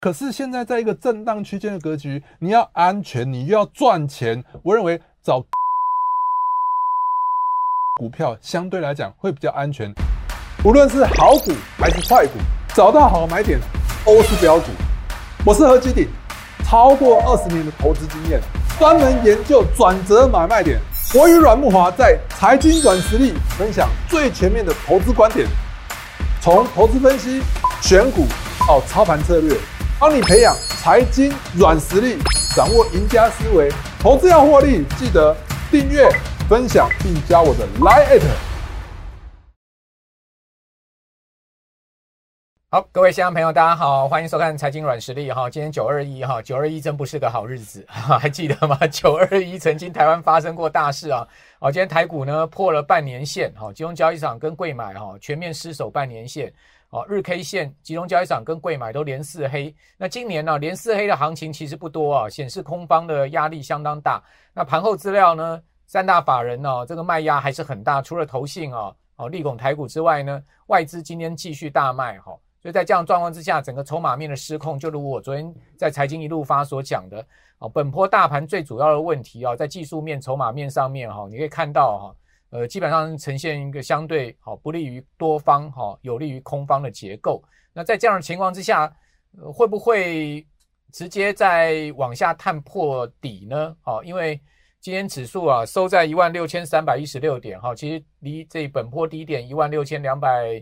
可是現在在一個震盪區間的格局，你要安全，你又要賺錢，我認為找 X X X 股票相對來講會比較安全。無論是好股還是壞股，找到好買點都是標準。我是何基鼎，超過二十年的投資經驗，專門研究轉折買賣點。我與阮木華在財經阮實力分享最全面的投資觀點，從投資分析選股到操盤策略。幫你培養財經軟實力，掌握贏家思維。投資要獲利，記得訂閱、分享並加我的 LINE@。好，各位香港朋友，大家好，歡迎收看《財經軟實力》哈。今天九二一哈，九二一真不是個好日子哈，還記得嗎？九二一曾經台灣發生過大事啊。今天台股呢破了半年線哈，金融交易場跟櫃買哈全面失守半年線。哦，日 K 線，集中交易場跟櫃買都連四黑。那今年呢、啊，連四黑的行情其實不多啊，顯示空方的壓力相當大。那盤後資料呢，三大法人呢、啊，這個賣壓還是很大。除了投信啊，哦，力挺台股之外呢，外資今天繼續大賣哈、哦。所以在這樣狀況之下，整個籌碼面的失控，就如我昨天在財經一路發所講的，哦、本波大盤最主要的問題哦、啊，在技術面、籌碼面上面哈、啊，你可以看到哈、啊。呃，基本上呈現一個相對好、哦，不利於多方哈、哦，有利於空方的結構。那在這樣的情況之下，呃、會不會直接再往下探破底呢？哈、哦，因為今天指數啊收在一萬六千三百一十六點哈、哦，其實離這本波低點一萬六千兩百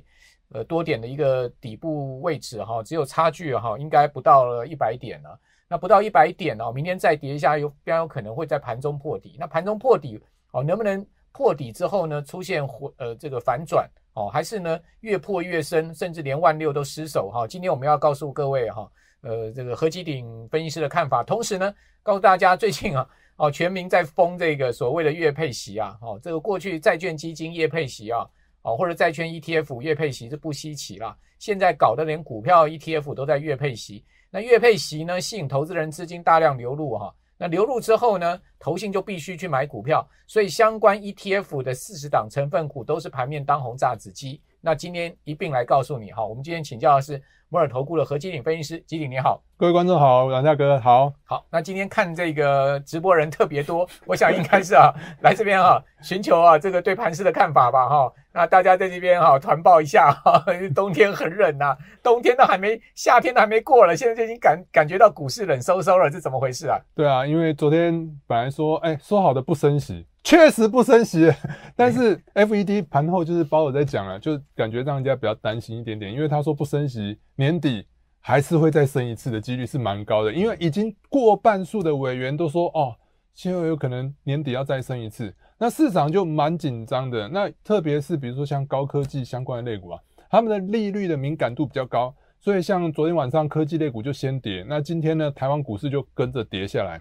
呃多點的一個底部位置哈、哦，只有差距哈、哦，應該不到了一百點了、啊。那不到一百點哦，明天再跌一下，有非常有可能會在盤中破底。那盤中破底哦，能不能？破底之後呢，出現回呃這個反轉哦，還是呢，越破越深，甚至連萬六都失守哈、哦。今天我們要告訴各位哈、哦，呃這個何基鼎分析師的看法，同時呢，告訴大家最近啊哦全民在封這個所謂的月配息啊哦，這個過去債券基金月配息啊哦或者債券 ETF 月配息是不稀奇啦。現在搞得連股票 ETF 都在月配息，那月配息呢，吸引投資人資金大量流入哈、啊。那流入之後呢，投信就必須去買股票，所以相關 ETF 的四十檔成分股都是盤面當紅炸子雞。那今天一併來告訴你哈，我們今天請教的是摩爾投顧的何基鼎分析師，基鼎你好，各位觀眾好，阮大哥好。好，那今天看這個直播人特別多， 我想應該是啊，來這邊啊，尋求啊這個對盤勢的看法吧哈。那大家在這邊哈團抱一下、啊，因為冬天很冷吶、啊，冬天都還沒，夏天都還沒過了，現在就已經感感覺到股市冷颼颼了，是怎麼回事啊？對啊，因為昨天本來說，哎、欸，說好的不升息。確實不升息，但是 FED 盤後就是鮑爾在講了，就感覺讓人家比較擔心一點點，因為他說不升息，年底還是會再升一次的幾率是蠻高的，因為已經過半數的委員都說哦，今後有可能年底要再升一次，那市場就蠻緊張的。那特別是比如說像高科技相關的類股啊，他們的利率的敏感度比較高，所以像昨天晚上科技類股就先跌，那今天呢，台灣股市就跟着跌下來。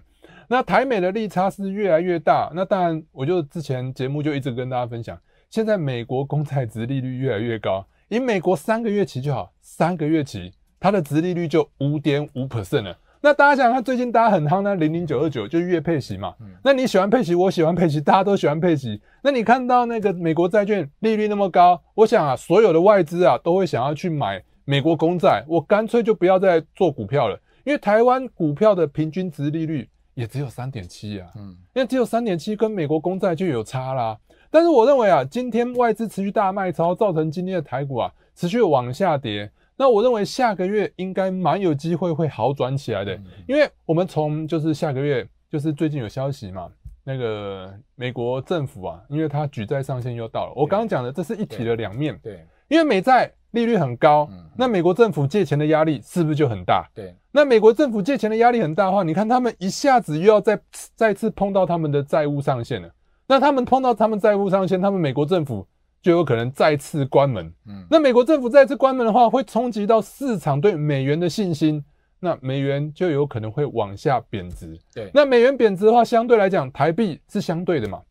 那台美的利差是越來越大，那當然，我就之前節目就一直跟大家分享，現在美國公債殖利率越來越高，以美國三個月期就好，三個月期它的殖利率就五點五 percent 了。那大家想想，最近大家很夯呢，零零九二九就月配息嘛。嗯、那你喜歡配息，我喜歡配息，大家都喜歡配息。那你看到那個美國債券利率那麼高，我想啊，所有的外資啊都會想要去買美國公債。我乾脆就不要再做股票了，因為台灣股票的平均殖利率也只有三點七啊，嗯，因為只有三點七跟美國公債就有差啦。但是我認為啊，今天外資持續大賣超，造成今天的台股啊持續往下跌。那我認為下個月應該蠻有機會會好轉起來的，因為我們從就是下個月就是最近有消息嘛，那個美國政府啊，因為它舉債上限又到了，我剛剛講的這是一體的兩面對，因為美債。利率很高，那美國政府借錢的壓力是不是就很大？對，那美國政府借錢的壓力很大的話，你看他們一下子又要再再次碰到他們的債務上限了。那他們碰到他們債務上限，他們美國政府就有可能再次關門。嗯，那美國政府再次關門的話，會衝擊到市場對美元的信心，那美元就有可能會往下貶值。對，那美元貶值的話，相對來講，台幣是相對的嘛，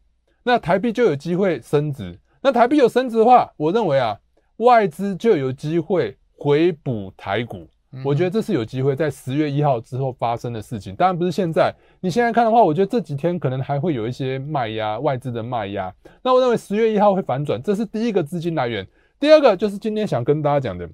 那台幣就有機會升值。那台幣有升值的話，我認為啊。外資就有機會回補台股，我覺得這是有機會在十月一號之後發生的事情。當然不是現在，你現在看的話，我覺得這幾天可能還會有一些賣壓，外資的賣壓。那我認為十月一號會反轉，這是第一個資金來源。第二個就是今天想跟大家講的，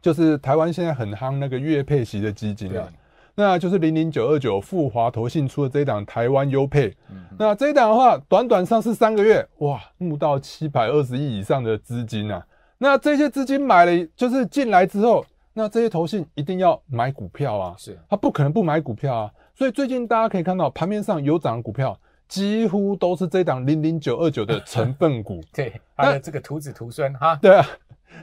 就是台灣現在很夯那個月配息的基金啊，那就是零零九二九復華投信出的這一檔台灣優配。那這一檔的話，短短上市三個月，哇，募到七百二十億以上的資金啊。那這些資金買了，就是進來之後，那這些投信一定要買股票啊，是，他不可能不買股票啊。所以最近大家可以看到，盤面上有漲的股票，幾乎都是這檔零零九二九的成分股。 對，還有那這個徒子徒孫哈。對啊，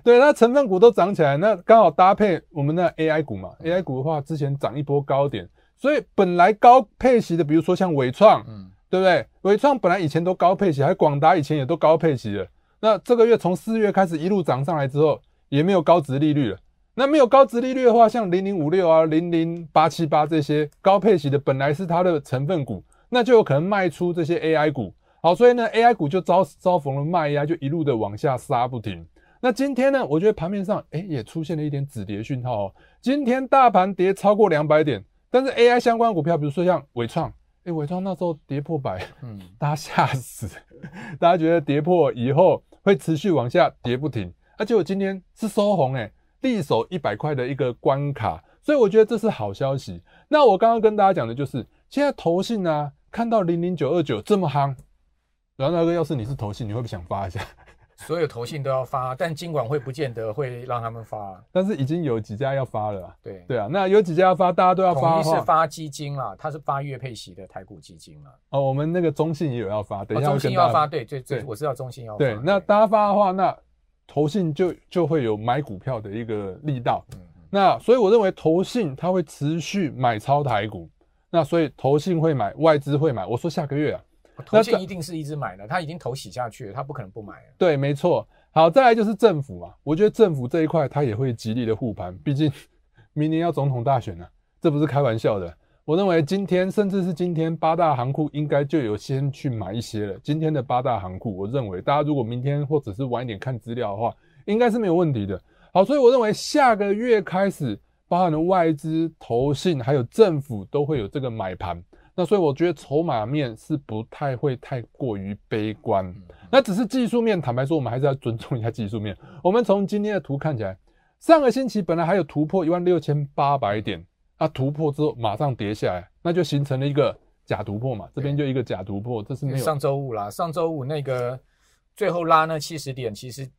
對，那成分股都漲起來，那剛好搭配我們的 AI 股嘛。AI 股的話，之前漲一波高點。所以本來高配息的，比如說像緯創嗯，對不對？緯創本來以前都高配息，還廣達以前也都高配息的。那這個月從四月開始一路漲上來之後，也沒有高殖利率了。那沒有高殖利率的話，像零零五六啊、零零八七八這些高配息的，本來是它的成分股，那就有可能賣出這些 AI 股。好，所以呢，AI 股就遭遭逢了賣壓，就一路的往下殺不停。那今天呢，我覺得盤面上哎、欸、也出現了一點止跌訊號哦、喔。今天大盤跌超過兩百點，但是 AI 相關股票，比如說像緯創，哎、欸，緯創那時候跌破百，嗯，大家嚇死，大家覺得跌破以後。會持續往下跌不停，而且我今天是收紅第、欸、一手一百塊的一個關卡，所以我覺得這是好消息。那我剛剛跟大家講的就是，現在投信呢、啊、看到零零九二九這麼夯，然後那個，要是你是投信，你會不會想發一下？所有投信都要發，但金管會不見得會讓他們發、啊。但是已經有幾家要發了、啊。對對啊，那有幾家要發，大家都要發。統一是發基金啦，它是發月配息的台股基金啦。哦，我們那個中信也有要發，等一下我中信要發，對對對，對對我知道中信要發對。對，那大家發的話，那投信就就會有買股票的一個力道。嗯，嗯。那所以我認為投信它會持續買超台股，那所以投信會買，外資會買。我說下個月啊。投信一定是一直買的，這他已經頭洗下去了，他不可能不買。對，沒錯。好，再來就是政府嘛、啊，我覺得政府這一塊他也會極力的護盤，畢竟明年要總統大選啊，這不是開玩笑的。我認為今天甚至是今天八大行庫應該就有先去買一些了。今天的八大行庫，我認為大家如果明天或者是晚一點看資料的話，應該是沒有問題的。好，所以我認為下個月開始，包含的外資、投信還有政府都會有這個買盤。那所以我覺得籌碼面是不太會太過於悲觀，那只是技術面，坦白說我們還是要尊重一下技術面。我們從今天的圖看起來，上個星期本來還有突破一萬六千八百點，啊，它突破之後馬上跌下來，那就形成了一個假突破嘛，這邊就一個假突破，這是沒有、欸欸、上周五啦，上周五那個最後拉那七十點其實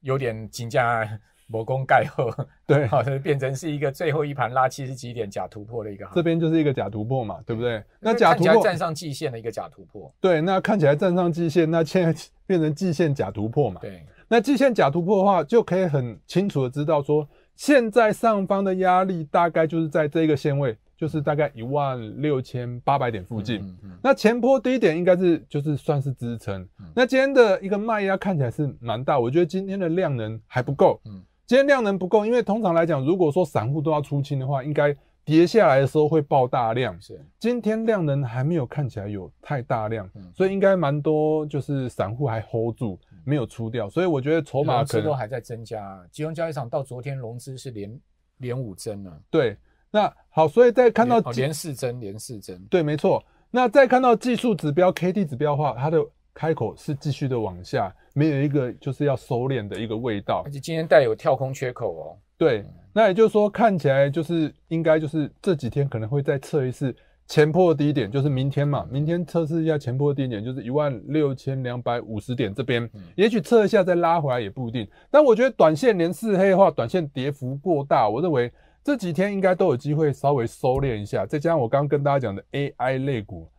有點緊張。摩工蓋後對，好像變成是一個最後一盤拉七十幾點假突破的一個，這邊就是一個假突破嘛，對不對？嗯、那假突破看起來站上季線的一個假突破，對，那看起來站上季線，那現在變成季線假突破嘛，對。那季線假突破的話，就可以很清楚的知道說，現在上方的壓力大概就是在這個線位，就是大概一萬六千八百點附近。嗯嗯嗯、那前波低點應該是就是算是支撐。嗯、那今天的一個賣壓看起來是蠻大，我覺得今天的量能還不夠。嗯今天量能不夠，因為通常來講，如果說散戶都要出清的話，應該跌下來的時候會爆大量。是，今天量能還沒有看起來有太大量，嗯、所以應該蠻多就是散戶還 hold 住，沒有出掉。嗯、所以我覺得籌碼可能都還在增加、啊。集中交易場到昨天融資是連連五增啊。對，那好，所以再看到連四增、哦，連四增，對，沒錯。那再看到技術指標 K D 指標的話，它的。開口是繼續的往下，沒有一個就是要收斂的一個味道，而且今天帶有跳空缺口哦。對，嗯、那也就是說看起來就是應該就是這幾天可能會再測一次前波低點，就是明天嘛，嗯、明天測試一下前波低點，就是一萬六千兩百五十點這邊，嗯、也許測一下再拉回來也不一定。但我覺得短線連四黑的話，短線跌幅過大，我認為這幾天應該都有機會稍微收斂一下。再加上我剛跟大家講的 AI 類股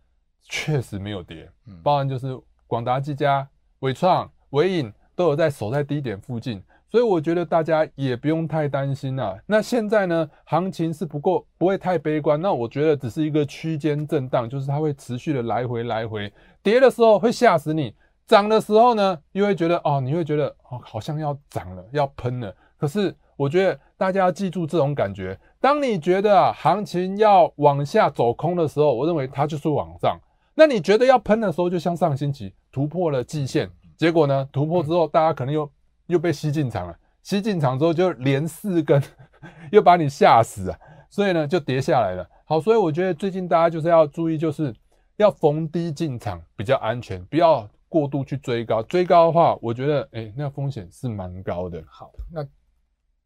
確實沒有跌，嗯，包含就是。廣達、技嘉、緯創、緯穎都有在守在低點附近，所以我覺得大家也不用太擔心了、啊。那現在呢，行情是不夠不會太悲觀，那我覺得只是一個區間震盪，就是它會持續的來回來回，跌的時候會嚇死你，漲的時候呢，又會覺得哦，你會覺得哦，好像要漲了，要噴了。可是我覺得大家要記住這種感覺，當你覺得啊行情要往下走空的時候，我認為它就是往上；那你覺得要噴的時候，就像上星期，突破了季線，結果呢？突破之後，大家可能又、嗯、又被吸進場了。吸進場之後，就連四根 又把你嚇死啊。所以呢就跌下來了。好，所以我覺得最近大家就是要注意，就是要逢低進場比較安全，不要過度去追高。追高的話，我覺得哎、欸，那風險是蠻高的。好，那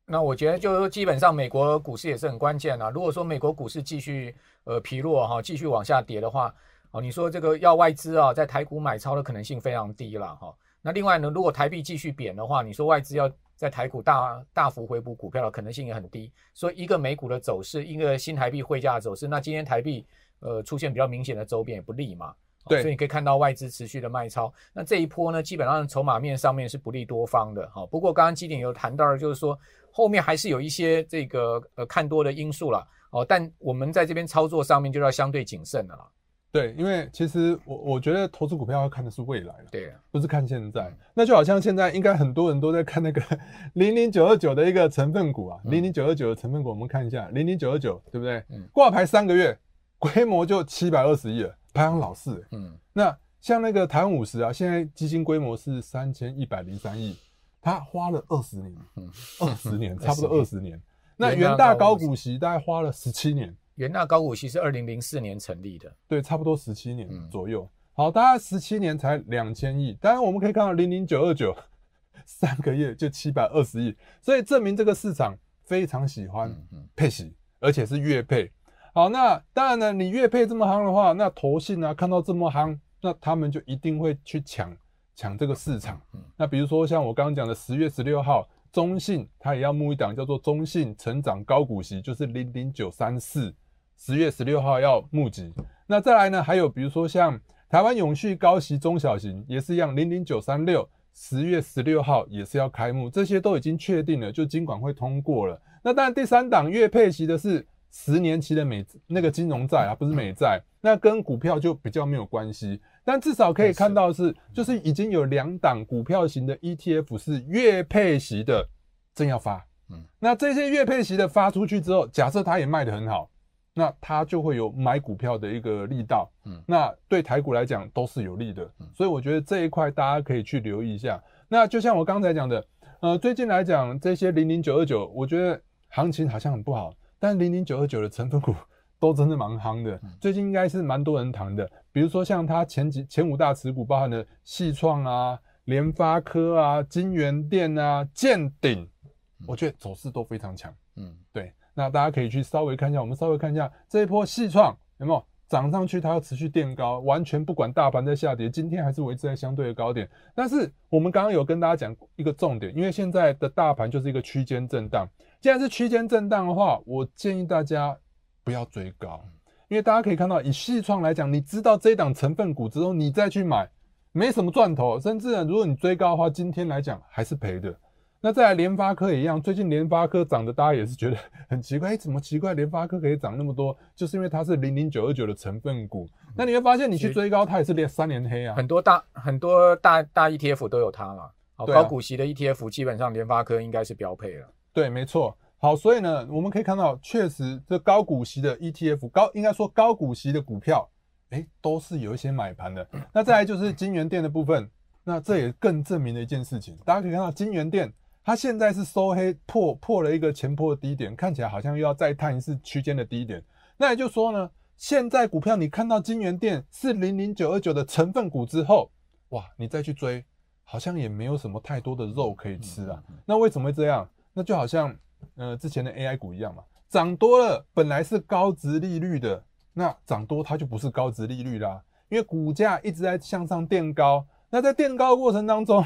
那我覺得就是基本上美國股市也是很關鍵啊。如果說美國股市繼續呃疲弱哈、啊，繼續往下跌的話。哦，你說這個要外資啊，在台股買超的可能性非常低了哈、哦。那另外呢，如果台幣繼續貶的話，你說外資要在台股大大幅回補股票的可能性也很低。所以一個美股的走勢，一個新台幣匯價的走勢，那今天台幣呃出現比較明顯的走貶也不利嘛。哦、對，所以你可以看到外資持續的賣超。那這一波呢，基本上籌碼面上面是不利多方的哈、哦。不過剛剛基鼎有談到的，就是說後面還是有一些這個呃看多的因素啦哦。但我們在這邊操作上面就要相對謹慎的啦。對，因為其實我我覺得投資股票要看的是未來、啊，對、啊，不是看現在。那就好像現在應該很多人都在看那個零零九二九的一個成分股啊，零零九二九的成分股，我們看一下零零九二九，29，對不對？嗯，掛牌三個月，規模就七百二十億了，排行老四。嗯，那像那個台灣五十啊，現在基金規模是三千一百零三億，它花了二十年，二十年，嗯、 20年差不多二十年。那元大高股息大概花了十七年。元大高股息是二零零四年成立的，對，差不多十七年左右。嗯、好，大概十七年才兩千億。當然我們可以看到零零九二九三個月就七百二十億，所以證明這個市場非常喜歡配息，嗯、哼而且是月配。好，那當然呢，你月配這麼夯的話，那投信啊看到這麼夯，那他們就一定會去搶搶這個市場。嗯、哼那比如說像我剛剛講的十月十六號，中信它也要募一檔叫做中信成長高股息，就是零零九三四。十月十六號要募集，嗯、那再來呢？還有比如說像台灣永續高息中小型也是一樣，零零九三六，十月十六號也是要開募，這些都已經確定了，就金管會通過了。那當然，第三檔月配息的是十年期的美那個金融債啊，不是美債，嗯、那跟股票就比較沒有關係。但至少可以看到的是，嗯、就是已經有兩檔股票型的 ETF 是月配息的，正要發。嗯，那這些月配息的發出去之後，假設它也賣得很好。那它就會有買股票的一個力道，嗯，那對台股來講都是有利的，嗯，所以我覺得這一塊大家可以去留意一下。那就像我剛才講的，呃，最近來講這些零零九二九，我覺得行情好像很不好，但零零九二九的成分股都真的蠻夯的，嗯，最近應該是蠻多人談的。比如說像它前幾前五大持股包含的緯創啊、聯發科啊、京元電啊、健鼎，我覺得走勢都非常強，嗯，對。那大家可以去稍微看一下，我們稍微看一下這一波細創有沒有漲上去，它要持續墊高，完全不管大盤在下跌，今天還是維持在相對的高點。但是我們剛剛有跟大家講一個重點，因為現在的大盤就是一個區間震盪。既然是區間震盪的話，我建議大家不要追高，因為大家可以看到，以細創來講，你知道這一檔成分股之後，你再去買沒什麼賺頭，甚至如果你追高的話，今天來講還是賠的。那再來，聯發科也一樣。最近聯發科漲的，大家也是覺得很奇怪。欸、怎麼奇怪？聯發科可以漲那麼多，就是因為它是零零九二九的成分股。嗯、那你會發現，你去追高，它也是連三連黑啊很。很多大很多大大 ETF 都有它嘛。好啊、高股息的 ETF 基本上聯發科應該是標配了。對，沒錯。好，所以呢，我們可以看到，確實這高股息的 ETF，高應該說高股息的股票，哎、欸，都是有一些買盤的。嗯、那再來就是京元電的部分，嗯、那這也更證明了一件事情，嗯、大家可以看到京元電。它現在是收黑破，破了一個前波的低點，看起來好像又要再探一次區間的低點。那也就是說呢，現在股票你看到金元電是00929的成分股之後，哇，你再去追，好像也沒有什麼太多的肉可以吃啊。那為什麼會這樣？那就好像呃之前的 AI 股一樣嘛，漲多了，本來是高殖利率的，那漲多它就不是高殖利率啦，因為股價一直在向上墊高，那在墊高的過程當中，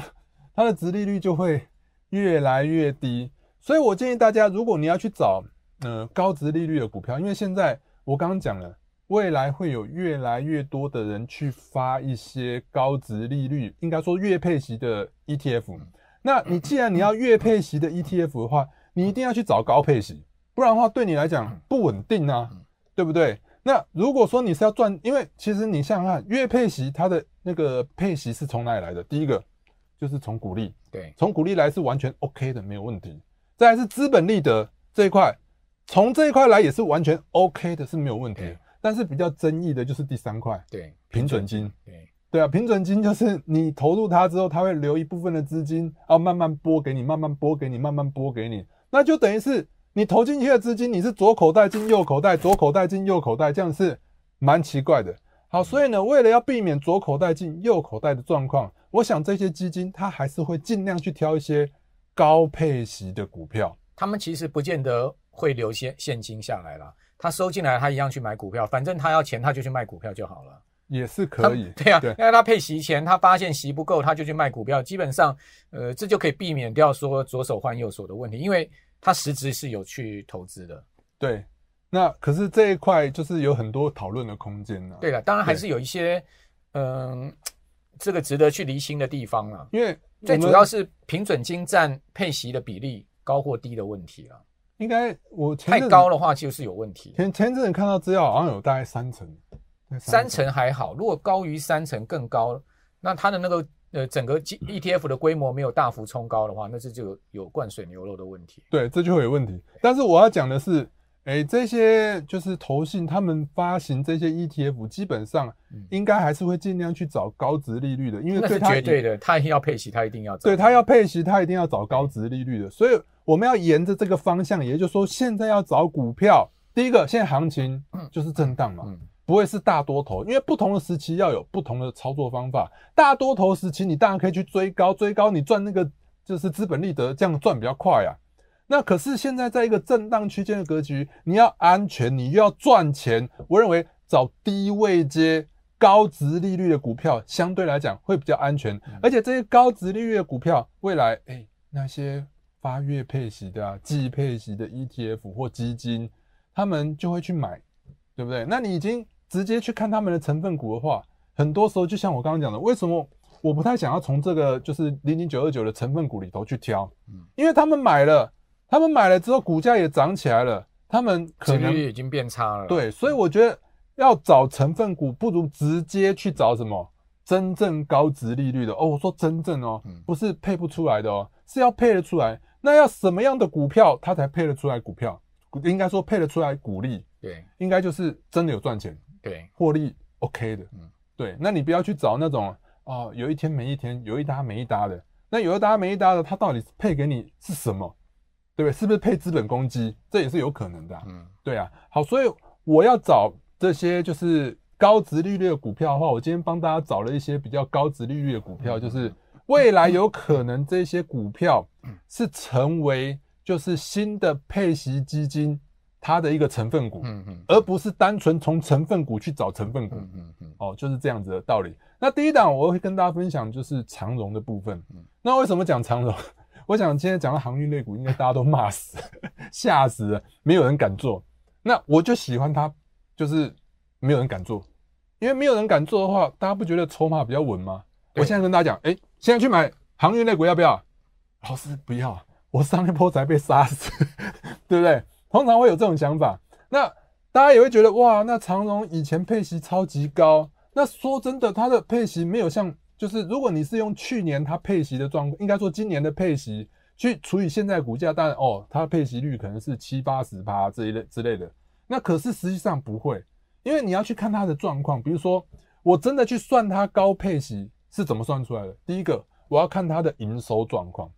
它的殖利率就會。越來越低，所以我建議大家，如果你要去找，呃，高殖利率的股票，因為現在我剛剛講了，未來會有越來越多的人去發一些高殖利率，應該說月配息的 ETF。那你既然你要月配息的 ETF 的話，你一定要去找高配息，不然的話對你來講不穩定啊，對不對？那如果說你是要賺，因為其實你想想看，月配息它的那個配息是從哪裡來的？第一個。就是從鼓勵，對，從鼓勵來是完全 OK 的，沒有問題。再來是資本利得這一塊，從這一塊來也是完全 OK 的，是沒有問題。欸、但是比較爭議的就是第三塊，對，平準金，對，對，對，對啊，平準金就是你投入它之後，它會留一部分的資金，然後慢慢撥給你，慢慢撥給你，慢慢撥給你，那就等於是你投進去的資金，你是左口袋進右口袋，左口袋進右口袋，這樣是蠻奇怪的。好，所以呢，為了要避免左口袋進右口袋的狀況，我想這些基金它還是會盡量去挑一些高配息的股票。他們其實不見得會留些現金下來啦，他收進來，他一樣去買股票，反正他要錢，他就去賣股票就好了，也是可以。對啊，對，因為他配息前，他發現息不夠，他就去賣股票。基本上，呃，這就可以避免掉說左手換右手的問題，因為他實質是有去投資的。對。那可是這一塊就是有很多討論的空間呢、啊。對了，當然還是有一些，對嗯，這個值得去釐清的地方啊，因為最主要是平準金占配息的比例高或低的問題了。應該我太高的話就是有問題。前陣子看到資料，好像有大概三成，三成還好。如果高於三成更高，那它的那個呃整個 E T F 的規模沒有大幅衝高的話，那這就有有灌水牛肉的問題。對，這就會有問題。但是我要講的是。哎，欸、這些就是投信，他們發行這些 ETF，基本上應該還是會盡量去找高殖利率的，因為那是絕對的。他要配息，他一定要找；對，他要配息，他一定要找高殖利率的。所以我們要沿着這個方向，也就是說，現在要找股票。第一個，現在行情就是震盪嘛，不會是大多頭，因為不同的時期要有不同的操作方法。大多頭時期，你當然可以去追高，追高你賺那個就是資本利得，這樣賺比較快啊。那可是現在在一個震盪區間的格局，你要安全，你又要賺錢。我認為找低位階高殖利率的股票，相對來講會比較安全。嗯、而且這些高殖利率的股票，未來誒、欸、那些發月配息的、季配息的 ETF 或基金，他們就會去買，對不對？那你已經直接去看他們的成分股的話，很多時候就像我剛剛講的，為什麼我不太想要從這個就是零零九二九的成分股裡頭去挑？嗯、因為他們買了。他們買了之後，股價也漲起來了。他們可能，殖利率已經變差了。對，所以我覺得要找成分股，不如直接去找什麼、嗯、真正高殖利率的哦。我說真正哦，嗯、不是配不出來的哦，是要配得出來。那要什麼樣的股票它才配得出來？股票應該說配得出來股利，對，應該就是真的有賺錢，對，獲利 OK 的，嗯，對。那你不要去找那種啊、哦，有一天沒一天，有一搭沒一搭的。那有一搭沒一搭的，它到底是配給你是什麼？對不是不是配資本公積？這也是有可能的、啊。嗯，對啊。好，所以我要找這些就是高殖利率的股票的話，我今天幫大家找了一些比較高殖利率的股票，就是未來有可能這些股票是成為就是新的配息基金它的一個成分股，嗯嗯，而不是單純從成分股去找成分股，嗯嗯，哦，就是這樣子的道理。那第一檔我會跟大家分享就是長榮的部分。那為什麼講長榮？我想今天講到航運類股，應該大家都罵死了，嚇 死了，沒有人敢做。那我就喜歡它，就是沒有人敢做，因為沒有人敢做的話，大家不覺得籌碼比較穩嗎？對我現在跟大家講，誒、欸、現在去買航運類股要不要？老師不要，我上一波才被殺死， 對不對？通常會有這種想法。那大家也會覺得，哇，那長榮以前配息超級高，那說真的，它的配息沒有像。就是如果你是用去年它配息的狀況，應該說今年的配息去除以現在股價，當然哦，它配息率可能是七八十趴這一類之類的。那可是實際上不會，因為你要去看它的狀況。比如說，我真的去算它高配息是怎麼算出來的。第一個，我要看它的營收狀況，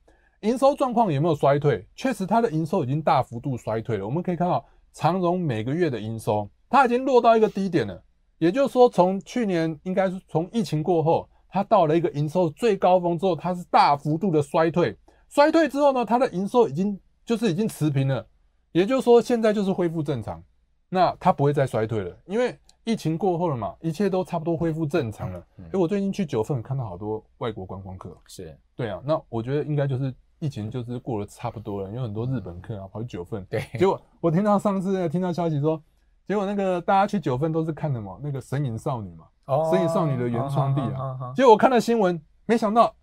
營收狀況有沒有衰退？確實，它的營收已經大幅度衰退了。我們可以看到長榮每個月的營收，它已經落到一個低點了。也就是說，從去年應該是從疫情過後。它到了一個營收最高峰之後，它是大幅度的衰退，衰退之後呢，它的營收已經就是已經持平了，也就是說現在就是恢復正常，那它不會再衰退了，因為疫情過後了嘛，一切都差不多恢復正常了。所以我最近去九份看到好多外國觀光客，是對啊，那我覺得應該就是疫情就是過了差不多了，有很多日本客啊跑去九份，對，結果我聽到上次聽到消息說，結果那個大家去九份都是看什麼，那個神隱少女嘛。《神隱、oh, 少女》的原創地啊，結果我看了新聞，沒想到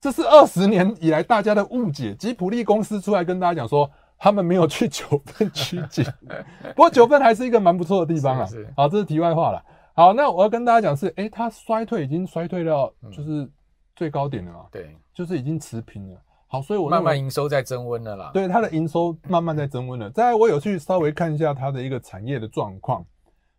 這是二十年以來大家的誤解。吉普力公司出來跟大家講說，他們沒有去九份取景。 不過九份還是一個蠻不錯的地方啊。是是是好，這是題外話了。好，那我要跟大家講是，誒、欸、它衰退已經衰退到就是最高點了啊、嗯。對，就是已經持平了。好，所以我慢慢營收在增溫了啦。對，它的營收慢慢在增溫了。嗯、再來我有去稍微看一下它的一個產業的狀況，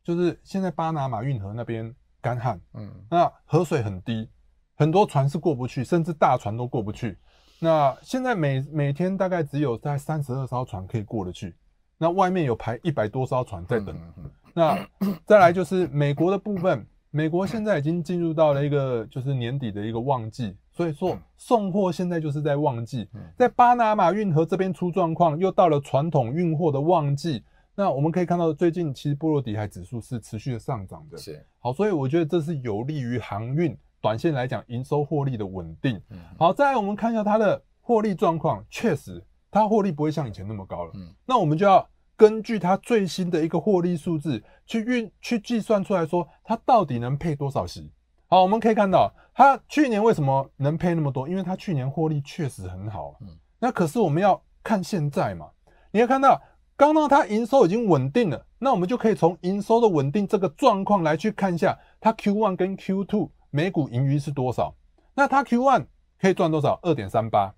就是現在巴拿馬運河那邊。乾旱，嗯，那河水很低，很多船是過不去，甚至大船都過不去。那現在每每天大概只有在三十二艘船可以過得去，那外面有排一百多艘船在等。嗯嗯嗯。那再來就是美國的部分，美國現在已經進入到了一個就是年底的一個旺季，所以說送貨現在就是在旺季，在巴拿馬運河這邊出狀況，又到了傳統運貨的旺季。那我們可以看到，最近其實波羅的海指數是持續的上漲的。是好，所以我覺得這是有利於航運短線來講營收獲利的穩定。嗯，好，再來我們看一下它的獲利狀況，確實它獲利不會像以前那麼高了。嗯，那我們就要根據它最新的一個獲利數字去運去計算出來說它到底能配多少息。好，我們可以看到它去年為什麼能配那麼多？因為它去年獲利確實很好。嗯，那可是我們要看現在嘛，你要看到。剛剛它營收已經穩定了，那我們就可以從營收的穩定這個狀況來去看一下，它 Q1 跟 Q2 每股盈餘是多少？那它 Q1 可以賺多少？二點三八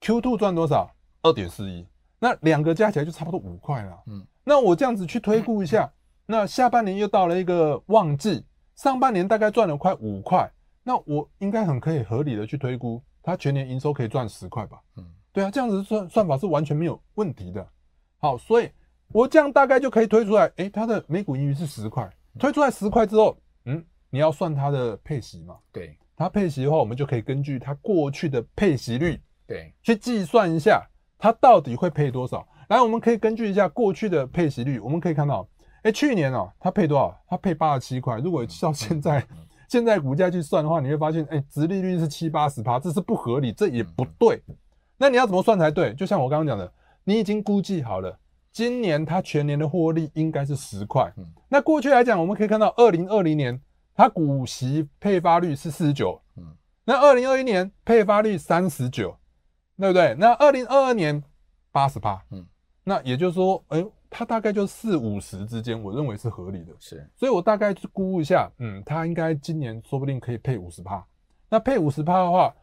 ，Q2 賺多少？二點四一，那兩個加起來就差不多五塊了。嗯，那我這樣子去推估一下，那下半年又到了一個旺季，上半年大概賺了快五塊，那我應該很可以合理的去推估，它全年營收可以賺十塊吧？嗯，對啊，這樣子算算法是完全沒有問題的。好，所以我這樣大概就可以推出來，誒、欸，它的每股盈餘是十塊，推出來十塊之後，嗯，你要算它的配息嘛？對，它配息的話，我們就可以根據它過去的配息率，對，去計算一下它到底會配多少。來，我們可以根據一下過去的配息率，我們可以看到，誒、欸，去年哦、喔，它配多少？它配八十七塊。如果到現在，現在股價去算的話，你會發現，誒、欸，殖利率是七八十趴，這是不合理，這也不對。那你要怎麼算才對？就像我剛剛講的。你已經估計好了，今年它全年的獲利應該是十塊。嗯，那過去來講，我們可以看到2020年，二零二零年它股息配發率是四十九，嗯，那二零二一年配發率三十九，對不對？那二零二二年八十趴，嗯，那也就是說，哎，它大概就四五十之間，我認為是合理的。是，所以我大概估一下，嗯，它應該今年說不定可以配五十趴。那配五十趴的話，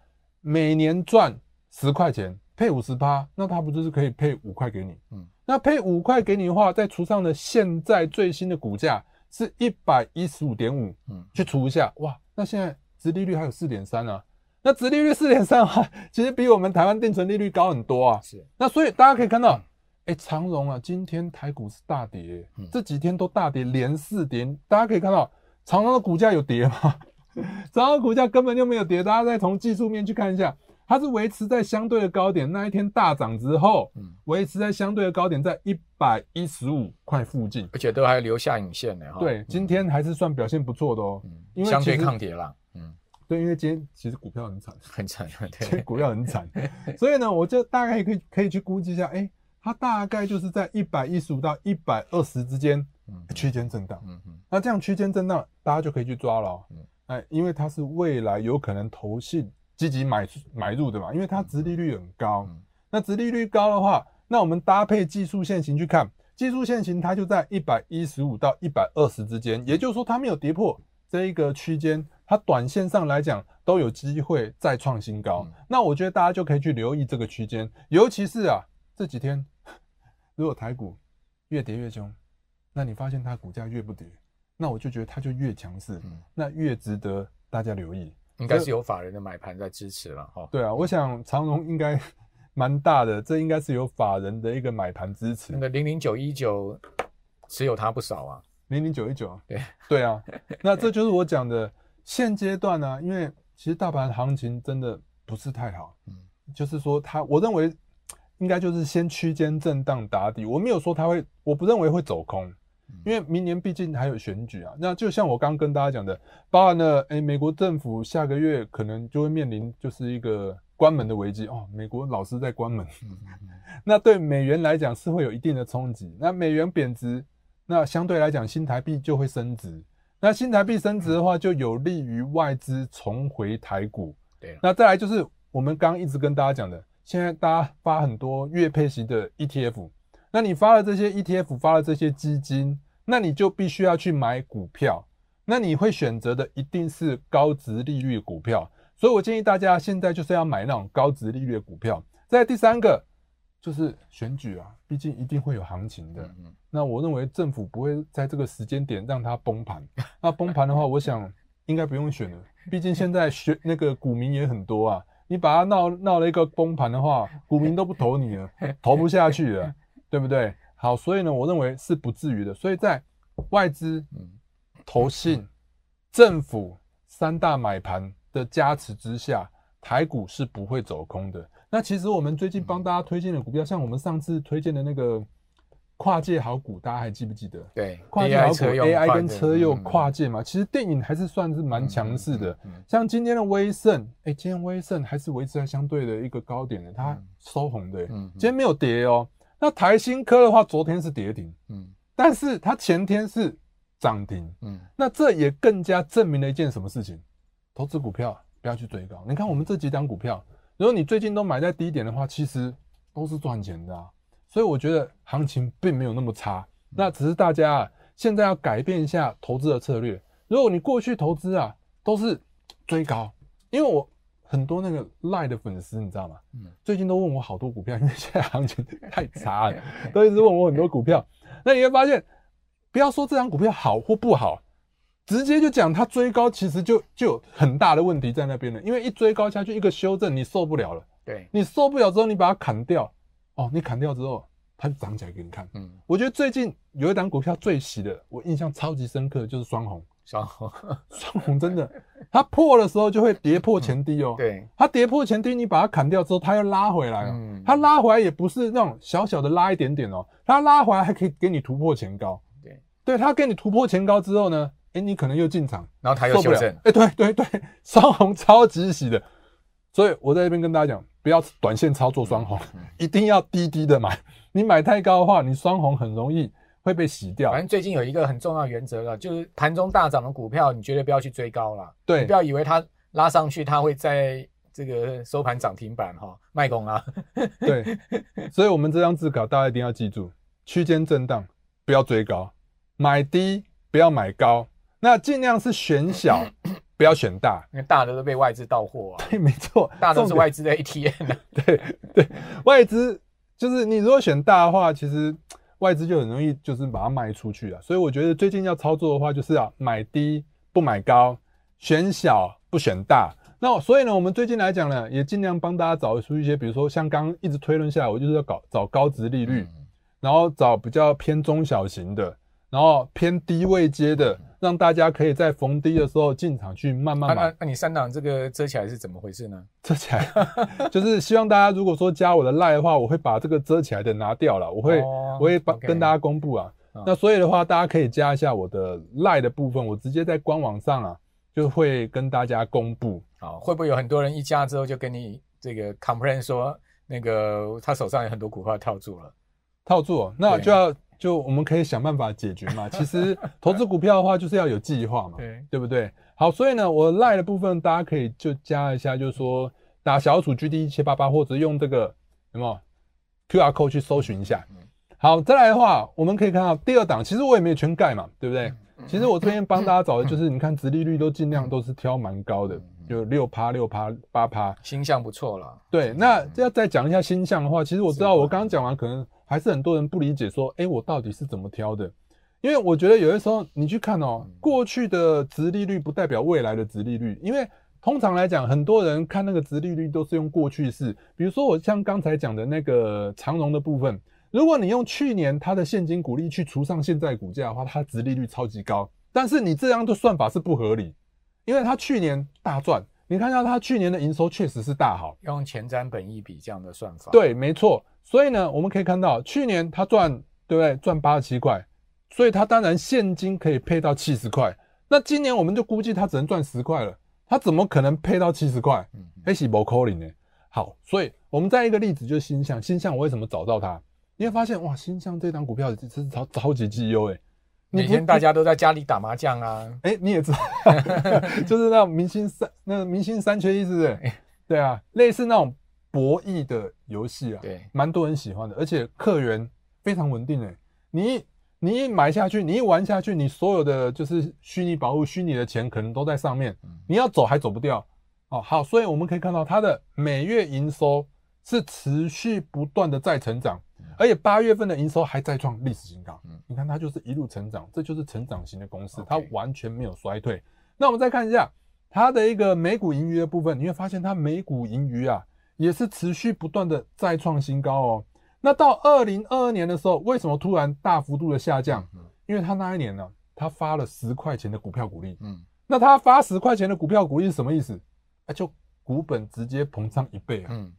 每年賺十塊錢。配五十八，那它不就是可以配五塊給你？嗯，那配五塊給你的話，再除上的現在最新的股價是一百一十五點五，嗯，去除一下，哇，那現在殖利率還有四點三啊，那殖利率四點三啊，其實比我們台灣定存利率高很多啊。是。那所以大家可以看到，誒，長榮啊，今天台股是大跌，欸，這幾天都大跌，連四跌，大家可以看到長榮的股價有跌嗎？ 長榮的股價根本就沒有跌，大家再從技術面去看一下。它是維持在相對的高點，那一天大漲之後，嗯、維持在相對的高點，在一百一十五塊附近，而且都還留下影線呢。對，嗯、今天還是算表現不錯的哦、喔，嗯、因為相對抗跌啦。嗯，對，因為今天其實股票很慘，很慘，很慘，股票很慘。 所以呢，我就大概可以可以去估計一下，哎、欸，它大概就是在一百一十五到一百二十之間，區間震盪。嗯，那這樣區間震盪，大家就可以去抓了、喔。嗯、哎，因為它是未來有可能投信。積極買入買入，對吧？因為它殖利率很高，嗯、那殖利率高的話，那我們搭配技術線型去看，技術線型它就在一百一十五到一百二十之間，也就是說它沒有跌破這一個區間，它短線上來講都有機會再創新高。嗯、那我覺得大家就可以去留意這個區間，尤其是啊這幾天如果台股越跌越凶，那你發現它股價越不跌，那我就覺得它就越強勢，嗯、那越值得大家留意。應該是有法人的買盤在支持了哈。對啊，嗯、我想長榮應該蠻大的，這應該是有法人的一個買盤支持。那個零零九一九持有它不少啊。零零九一九對對啊。 那這就是我講的，現階段呢、啊，因為其實大盤行情真的不是太好，嗯、就是說它，我認為應該就是先區間震盪打底。我沒有說它會，我不認為會走空。因為明年畢竟還有選舉啊，那就像我剛跟大家講的，包含呢，哎，美國政府下個月可能就會面臨，就是一個關門的危機哦，美國老是在關門， 那對美元來講是會有一定的衝擊，那美元貶值，那相對來講新台幣就會升值，那新台幣升值的話就有利於外資重回台股，對，那再來就是我們剛一直跟大家講的，現在大家發很多月配息的 ETF。那你發了這些 ETF，發了這些基金，那你就必須要去買股票。那你會選擇的一定是高殖利率股票。所以我建議大家現在就是要買那種高殖利率的股票。再第三個就是選舉啊，畢竟一定會有行情的。那我認為政府不會在這個時間點讓它崩盤。那崩盤的話，我想應該不用選了。畢竟現在選那個股民也很多啊，你把它鬧鬧了一個崩盤的話，股民都不投你了，投不下去了。對不對？好，所以呢，我認為是不至於的。所以在外資、投信、政府三大買盤的加持之下，台股是不會走空的。那其實我們最近幫大家推薦的股票，像我們上次推薦的那個跨界好股，大家還記不記得？對，跨界好股 AI, AI 跟車又跨界嘛，其實電影還是算是蠻強勢的。嗯嗯嗯嗯、像今天的威盛，哎，今天威盛還是維持在相對的一個高點的，它收紅的、欸，嗯、今天沒有跌哦。那台新科的話，昨天是跌停，嗯，但是它前天是漲停，嗯，那這也更加證明了一件什麼事情？投資股票不要去追高。你看我們這幾檔股票，如果你最近都買在低點的話，其實都是賺錢的啊。所以我覺得行情並沒有那麼差，那只是大家啊，現在要改變一下投資的策略。如果你過去投資啊都是追高，因為我。很多那個賴的粉絲，你知道嗎？嗯，最近都問我好多股票，因為現在行情太差了，都一直問我很多股票。 那你會發現，不要說這檔股票好或不好，直接就講它追高，其實就就很大的問題在那邊了。因為一追高下去，一個修正你受不了了。對，你受不了之後，你把它砍掉。哦，你砍掉之後，它就漲起來給你看。嗯，我覺得最近有一檔股票最喜的，我印象超級深刻的就是雙紅。雙紅，雙 紅真的，它破的時候就會跌破前低哦、嗯。對，它跌破前低，你把它砍掉之後，它又拉回來哦。嗯、它拉回來也不是那種小小的拉一點點哦，它拉回來還可以給你突破前高。對，對，它給你突破前高之後呢，誒、欸，你可能又進場，然後它又修正。誒，欸、對對對，雙紅超級喜的，所以我在這邊跟大家講，不要短線操作雙紅，嗯嗯一定要低低的買。你買太高的話，你雙紅很容易。會被洗掉。反正最近有一個很重要原則了，就是盤中大漲的股票，你絕對不要去追高了。對，不要以為它拉上去，它會在這個收盤漲停板哈賣空了。對，所以我們這張字稿，大家一定要記住：區間震盪，不要追高，買低不要買高。那儘量是選小，不要選大，因為大的都被外資倒貨啊。對，沒錯，大都是外資的。ATM 的。對對，對，外資就是你如果選大的話，其實。外資就很容易就是把它賣出去了，啊，所以我覺得最近要操作的話，就是要，啊，買低不買高，選小不選大。那所以呢，我們最近來講呢，也盡量幫大家找出一些，比如說像剛剛一直推論下來，我就是要搞找高殖利率，然後找比較偏中小型的，然後偏低位階的。讓大家可以在逢低的時候進場去慢慢買、啊。那、啊、那你三檔這個遮起來是怎麼回事呢？遮起來 就是希望大家如果說加我的賴的話，我會把這個遮起來的拿掉了。我會、哦、我會把 okay, 跟大家公布啊。哦、那所以的話，大家可以加一下我的賴的部分，我直接在官網上啊就會跟大家公布啊。會不會有很多人一加之後就跟你這個 complain 說那個他手上有很多股票套住了？套住、啊、那我就要。就我們可以想辦法解決嘛。 其實投資股票的話，就是要有計劃嘛，Okay. 對不對？好，所以呢，我賴的部分大家可以就加一下，就是說打小組 GD 一七八八，或者用這個有沒有 QR Code 去搜尋一下。嗯、好，再來的話，我們可以看到第二檔，其實我也沒有全蓋嘛，對不對？嗯、其實我這邊幫大家找的就是，你看殖利率都盡量都是挑蠻高的，就六趴、六趴、八趴，形象不錯了。對，那這要再講一下形象的話，其實我知道我剛剛講完可能。還是很多人不理解，說，哎，我到底是怎麼挑的？因為我覺得有的時候你去看哦，過去的殖利率不代表未來的殖利率，因為通常來講，很多人看那個殖利率都是用過去式。比如說我像剛才講的那個長榮的部分，如果你用去年它的現金股利去除上現在股價的話，它的殖利率超級高，但是你這樣的算法是不合理，因為它去年大賺。你看到他去年的營收確實是大好，用前瞻本益比這樣的算法，對，沒錯。所以呢，我們可以看到，去年他賺，對不對？賺八十七塊，所以他當然現金可以配到七十塊。那今年我們就估計他只能賺十塊了，他怎麼可能配到七十塊？哎，是不可能的。好，所以我們再一個例子就是新向，新向我為什麼找到它？你會發現哇，新向這檔股票真是超超級績優誒。每天大家都在家裡打麻將啊！哎，你也知道， 就是那種明星三，那個明星三缺一是不是？對啊，類似那種博弈的遊戲啊，對，蠻多人喜歡的，而且客源非常穩定哎、欸。你你一買下去，你一玩下去，你所有的就是虛擬寶物、虛擬的錢可能都在上面，你要走還走不掉哦、啊。好，所以我們可以看到它的每月營收是持續不斷的在成長。而且八月份的營收還再創歷史新高，嗯，你看它就是一路成長，這就是成長型的公司，它完全沒有衰退。Okay ,嗯，那我們再看一下它的一個每股盈餘的部分，你會發現它每股盈餘啊也是持續不斷的再創新高哦。那到二零二二年的時候，為什麼突然大幅度的下降？嗯，因為它那一年呢，它發了十塊錢的股票股利，嗯，那它發十塊錢的股票股利是什麼意思？哎，就股本直接膨脹一倍啊，嗯。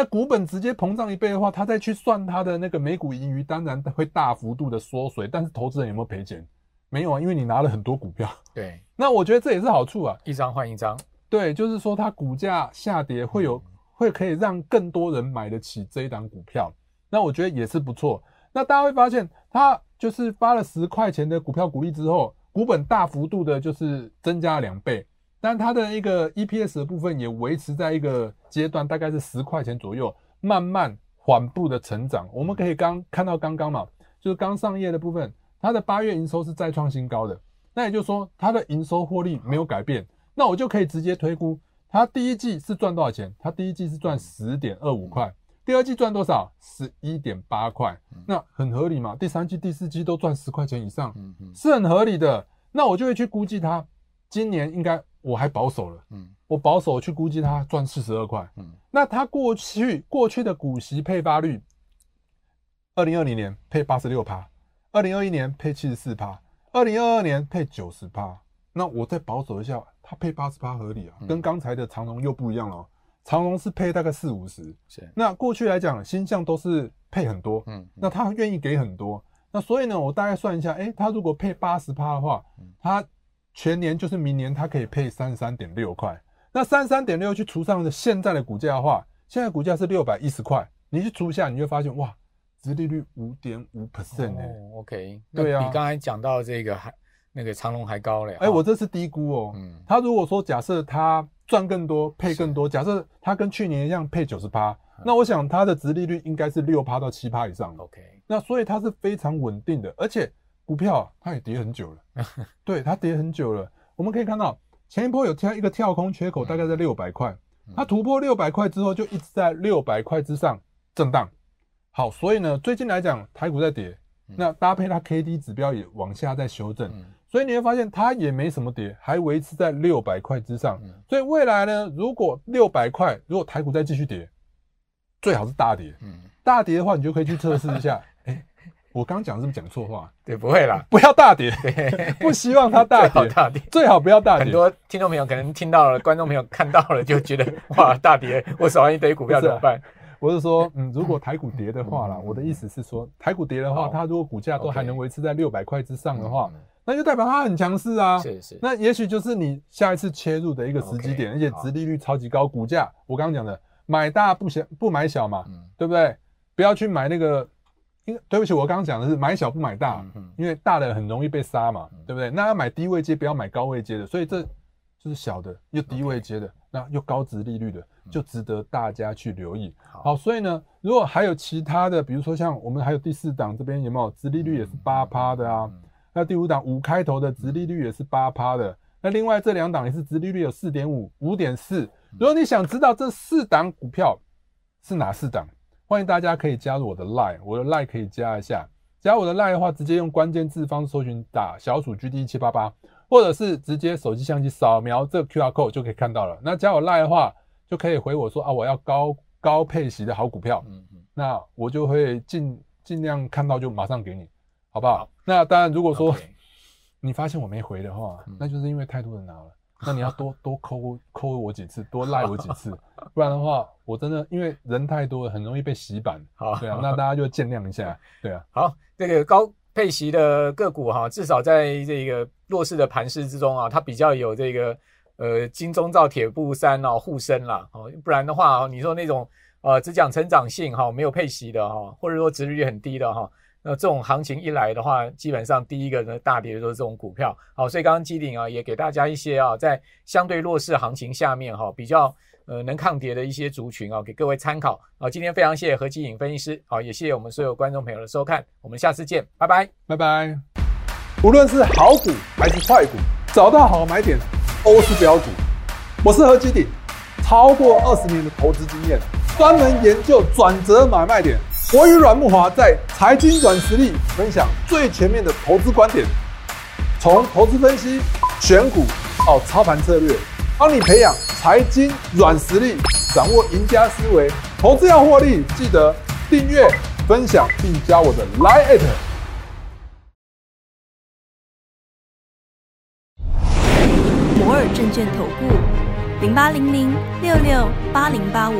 那股本直接膨脹一倍的話，他再去算他的那個每股盈餘，當然會大幅度的縮水。但是投資人有沒有賠錢？沒有啊，因為你拿了很多股票。對，那我覺得這也是好處啊，一張換一張。對，就是說它股價下跌會有、嗯、會可以讓更多人買得起這一檔股票，那我覺得也是不錯。那大家會發現，它就是發了十塊錢的股票股利之後，股本大幅度的就是增加了兩倍。但它的一個 EPS 的部分也維持在一個階段，大概是十塊錢左右，慢慢緩步的成長。我們可以剛看到剛剛嘛，就是剛上頁的部分，它的八月營收是再創新高的，那也就是說它的營收獲利沒有改變，那我就可以直接推估它第一季是賺多少錢？它第一季是賺十點二五塊，第二季賺多少？十一點八塊，那很合理嘛？第三季、第四季都賺十塊錢以上，是很合理的。那我就會去估計它。今年應該我還保守了，嗯，我保守去估計他賺四十二塊，嗯，那他過去過去的股息配發率，二零二零年配八十六趴，二零二一年配七十四趴，二零二二年配九十趴。那我再保守一下，他配八十趴合理啊？嗯、跟剛才的長榮又不一樣了、哦，長榮是配大概四五十，是那過去來講，新項都是配很多，嗯，嗯那他願意給很多，那所以呢，我大概算一下，哎、欸，他如果配八十趴的話，嗯、他……全年就是明年，它可以配三十三點六塊。那三十三點六去除上的現在的股價的話，現在股價是六百一十塊，你去除一下，你就發現哇，殖利率五點五 percent OK，對啊，比剛才講到的這個還那個長榮還高嘞。哎、哦欸，我這是低估哦。嗯，他如果說假設他賺更多，配更多，是假設他跟去年一樣配九十八，嗯、那我想他的殖利率應該是六趴到七趴以上。OK，那所以它是非常穩定的，而且。股票它也跌很久了， 對，它跌很久了。我們可以看到前一波有跳一個跳空缺口，大概在六百塊。它突破六百塊之後，就一直在六百塊之上震盪。好，所以呢，最近來講台股在跌，那搭配它 K D 指標也往下在修正，所以你會發現它也沒什麼跌，還維持在六百塊之上。所以未來呢，如果六百塊，如果台股再繼續跌，最好是大跌。大跌的話，你就可以去測試一下。 我剛剛講是不是講錯話？對，不會啦，不要大跌，不希望它大跌，大跌最好不要大跌。很多聽眾朋友可能聽到了，觀眾朋友看到了，就覺得哇大跌！我手上一堆股票怎麼辦？我是說，嗯，如果台股跌的話啦，我的意思是說，台股跌的話，它如果股價都還能維持在六百塊之上的話，那就代表它很強勢啊。那也許就是你下一次切入的一個時機點，而且殖利率超級高，股價我剛剛講的，買大不小，不買小嘛，對不對？不要去買那個。因對不起，我剛剛講的是買小不買大，因為大的很容易被殺嘛，對不對？那要買低位階，不要買高位階的。所以這就是小的又低位階的，那又高殖利率的，就值得大家去留意。好，所以呢，如果還有其他的，比如說像我們還有第四檔這邊有沒有殖利率也是八趴的啊？那第五檔五開頭的殖利率也是八趴的。那另外這兩檔也是殖利率有四點五、五點四。如果你想知道這四檔股票是哪四檔？歡迎大家可以加入我的 line，我的 line 可以加一下。加我的 line 的話，直接用關鍵字方式搜尋打小鼠 G D 一七八八，或者是直接手機相機掃描這 QR code 就可以看到了。那加我 line 的話，就可以回我說啊，我要高高配息的好股票，嗯嗯。那我就會盡盡量看到就馬上給你，好不好？好那當然，如果說你發現我沒回的話，嗯、那就是因為太多人拿了，那你要多多扣扣 我幾次，多賴我幾次。 不然的話，我真的因為人太多了，很容易被洗版。好，啊、好那大家就見諒一下。對啊，好，這個高配息的個股哈、啊，至少在這個弱勢的盤勢之中啊，它比較有這個呃金鐘罩鐵布衫哦護身啦哦。不然的話、啊、你說那種呃只講成長性哈、啊，沒有配息的哈、啊，或者說殖利率很低的哈、啊，那這種行情一來的話，基本上第一個呢大跌的都是這種股票。好，所以剛剛基鼎啊也給大家一些啊，在相對弱勢行情下面哈、啊，比較。呃，能抗跌的一些族群啊、哦，給各位參考啊、哦。今天非常謝謝何基鼎分析師，好、哦，也謝謝我們所有觀眾朋友的收看，我們下次見，拜拜，拜拜。無論是好股還是壞股，找到好買點都是標準。我是何基鼎，超過二十年的投資經驗，專門研究轉折買賣點。我與阮木華在財經阮實力分享最全面的投資觀點，從投資分析選股到操盤策略。幫你培養財經軟實力，掌握贏家思維。投資要獲利，記得訂閱、分享並加我的 LINE@。摩爾證券投顧零八零零六六八零八五。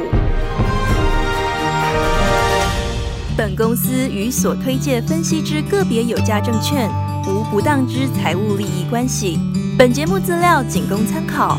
本公司與所推介分析之個別有價證券無不當之財務利益關係。本節目資料僅供參考。